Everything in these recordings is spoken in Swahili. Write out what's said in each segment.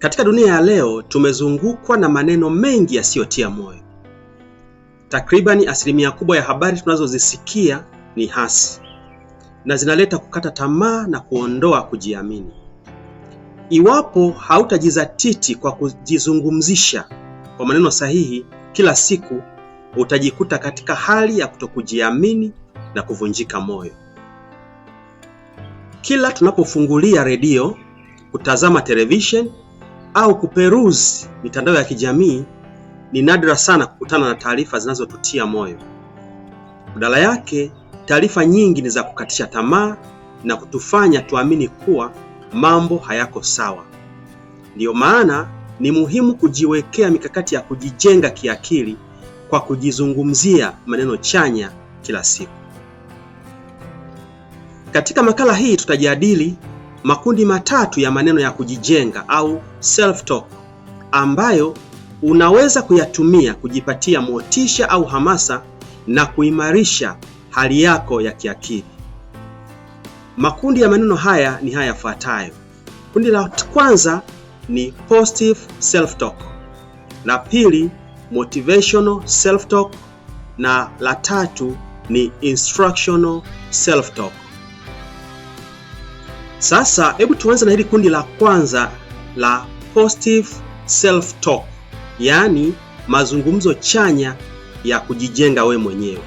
Katika dunia ya leo tumezungukwa na maneno mengi yasiyotia moyo. Takribani asilimia kubwa ya habari tunazozisikia ni hasi na zinaleta kukata tamaa na kuondoa kujiamini. Iwapo hautajizatiti kwa kujizungumzisha kwa maneno sahihi kila siku, utajikuta katika hali ya kutokujiamini na kuvunjika moyo. Kila tunapofungulia redio, kutazama televisheni au kuperuzi mitandao ya kijamii, ni nadra sana kukutana na taarifa zinazotutia moyo. Badala yake, taarifa nyingi ni za kukatisha tamaa na kutufanya tuamini kuwa mambo hayako sawa. Ndiyo maana ni muhimu kujiwekea mikakati ya kujijenga kiakili kwa kujizungumzia maneno chanya kila siku. Katika makala hii tutajadili makundi matatu ya maneno ya kujijenga au self talk ambayo unaweza kuyatumia kujipatia motisha au hamasa na kuimarisha hali yako ya kiakili. Makundi ya maneno haya ni haya yafuatayo. Kundi la kwanza ni positive self talk, la pili motivational self talk na la tatu ni instructional self talk. Sasa hebu tuanze na hili kundi la kwanza la positive self talk, yaani mazungumzo chanya ya kujijenga we mwenyewe.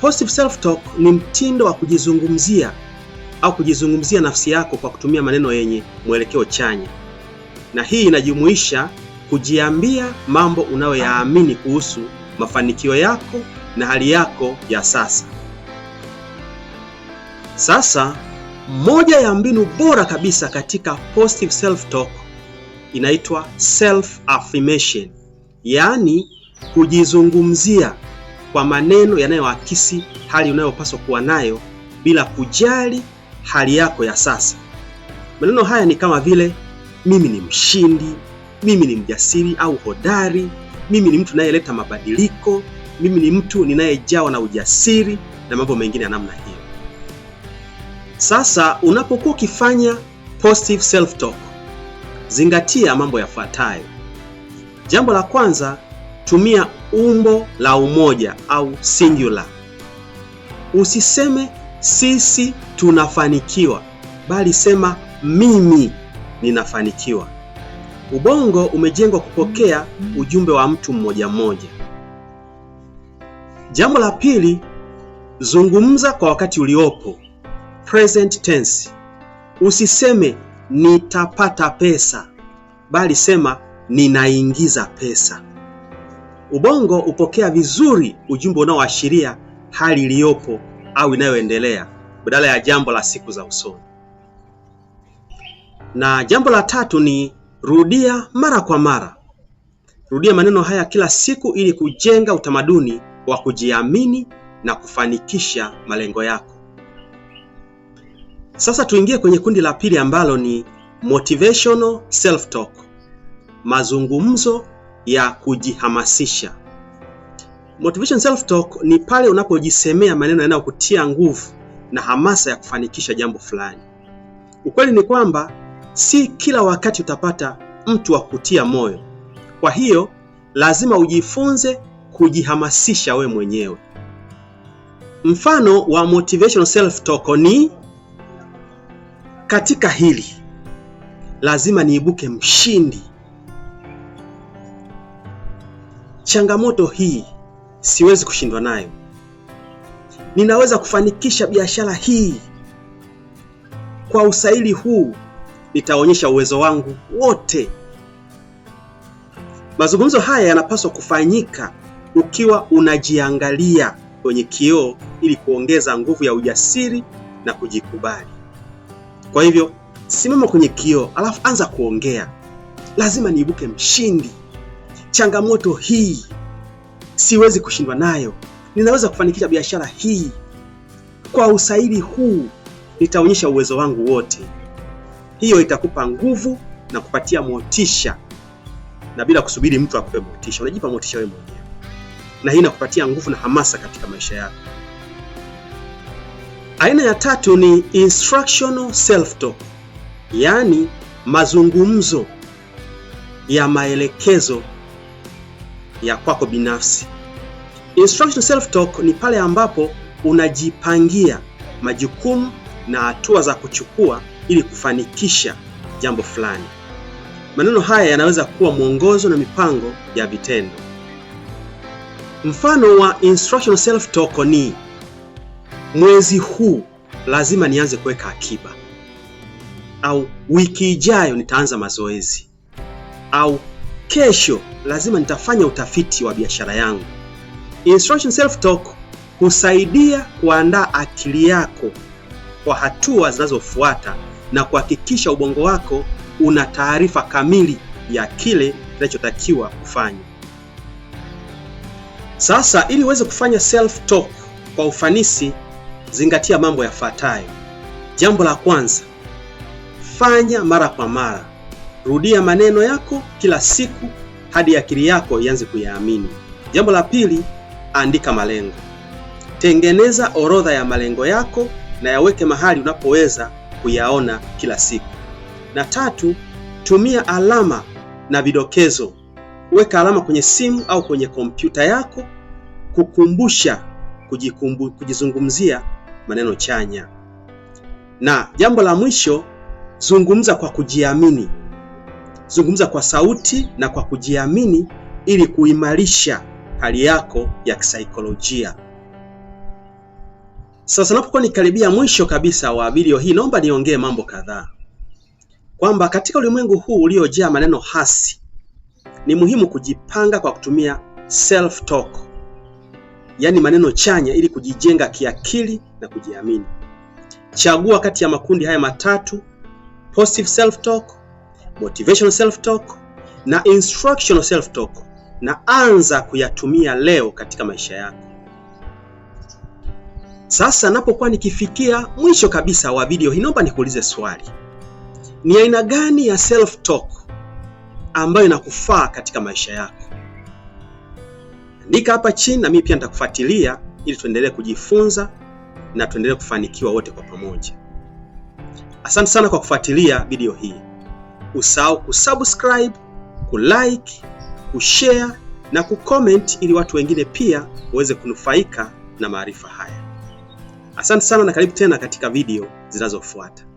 Positive self talk ni mtindo wa kujizungumzia au kujizungumzia nafsi yako kwa kutumia maneno yenye mwelekeo chanya, na hii inajumuisha kujiambia mambo unayoyaamini kuhusu mafanikio yako na hali yako ya sasa. Sasa moja ya mbinu bora kabisa katika positive self talk inaitwa self affirmation, yaani kujizungumzia kwa maneno yanayoakisi hali unayopaswa kuwa nayo bila kujali hali yako ya sasa. Maneno haya ni kama vile mimi ni mshindi, mimi ni mjasiri au hodari, mimi ni mtu ninayeleta mabadiliko, mimi ni mtu ninayejawa na ujasiri na mambo mengine ya namna hii. Sasa unapokuwa ukifanya positive self talk, zingatia mambo yafuatayo. Jambo la kwanza, tumia umbo la umoja au singular. Usiseme sisi tunafanikiwa, bali sema mimi ninafanikiwa. Ubongo umejengwa kupokea ujumbe wa mtu mmoja mmoja. Jambo la pili, zungumza kwa wakati uliopo present tense. Usiseme nitapata pesa, bali sema ninaingiza pesa. Ubongo upokea vizuri ujumbe unaoashiria hali iliyopo au inayoendelea badala ya jambo la siku za usoni. Na jambo la tatu ni rudia mara kwa mara. Rudia maneno haya kila siku ili kujenga utamaduni wa kujiamini na kufanikisha malengo yako. Sasa tuingie kwenye kundi la pili ambalo ni motivational self talk, mazungumzo ya kujihamasisha. Motivation self talk ni pale unapojisemea maneno yanayokutia nguvu na hamasa ya kufanikisha jambo fulani. Ukweli ni kwamba si kila wakati utapata mtu wa kutia moyo, kwa hiyo lazima ujifunze kujihamasisha we mwenyewe. Mfano wa motivational self talk ni katika hili lazima niibuke mshindi. Changamoto hii siwezi kushindwa nayo. Ninaweza kufanikisha biashara hii kwa usaili huu, nitaonyesha uwezo wangu wote. Mazungumzo haya yanapaswa kufanyika ukiwa unajiangalia kwenye kioo ili kuongeza nguvu ya ujasiri na kujikubali. Kwa hivyo simama kwenye kioo, alafu anza kuongea. Lazima niibuke mshindi. Changamoto hii siwezi kushindwa nayo. Ninaweza kufanikisha biashara hii kwa usahihi huu. Nitaonyesha uwezo wangu wote. Hiyo itakupa nguvu na kupatia motisha, na bila kusubiri mtu akupe motisha, unajipa motisha wewe mwenyewe, na hii inakupatia nguvu na hamasa katika maisha yako. Aina ya tatu ni instructional self talk, yaani mazungumzo ya maelekezo ya kwako binafsi. Instructional self talk ni pale ambapo unajipangia majukumu na hatua za kuchukua ili kufanikisha jambo fulani. Maneno haya yanaweza kuwa mwongozo na mipango ya vitendo. Mfano wa instructional self talk ni mwezi huu lazima nianze kuweka akiba, au wiki ijayo nitaanza mazoezi, au kesho lazima nitafanya utafiti wa biashara yangu. Instruction Self Talk husaidia kuandaa akili yako kwa hatua zinazofuata na kuhakikisha ubongo wako una taarifa kamili ya kile kinachotakiwa kufanya. Sasa, ili uweze kufanya self talk kwa ufanisi, zingatia mambo yafuatayo. Jambo la kwanza, fanya mara kwa mara, rudia maneno yako kila siku hadi akili yako ianze kuyaamini. Jambo la pili, andika malengo. Tengeneza orodha ya malengo yako na yaweke mahali unapoweza kuyaona kila siku. Na tatu, tumia alama na vidokezo. Weka alama kwenye simu au kwenye kompyuta yako kukumbusha kujikumbu, kujizungumzia maneno chanya. Na jambo la mwisho, zungumza kwa kujiamini. Zungumza kwa sauti na kwa kujiamini ili kuimarisha hali yako ya kisaikolojia. Sasa napokuwa nikaribia mwisho kabisa wa video hii, naomba niongee mambo kadhaa, kwamba katika ulimwengu huu uliojaa maneno hasi, ni muhimu kujipanga kwa kutumia self talk yaani maneno chanya, ili kujijenga kiakili na kujiamini. Chagua kati ya makundi haya matatu: positive self talk, motivational self talk na instructional self talk, na anza kuyatumia leo katika maisha yako. Sasa napokuwa nikifikia mwisho kabisa wa video hii, naomba nikuulize swali: ni aina gani ya self talk ambayo inakufaa katika maisha yako? Andika hapa chini na mimi pia nitakufuatilia ili tuendelee kujifunza na tuendelee kufanikiwa wote kwa pamoja. Asante sana kwa kufuatilia video hii. Usahau kusubscribe, kulike, kushare na kucomment ili watu wengine pia waweze kunufaika na maarifa haya. Asante sana na karibu tena katika video zinazofuata.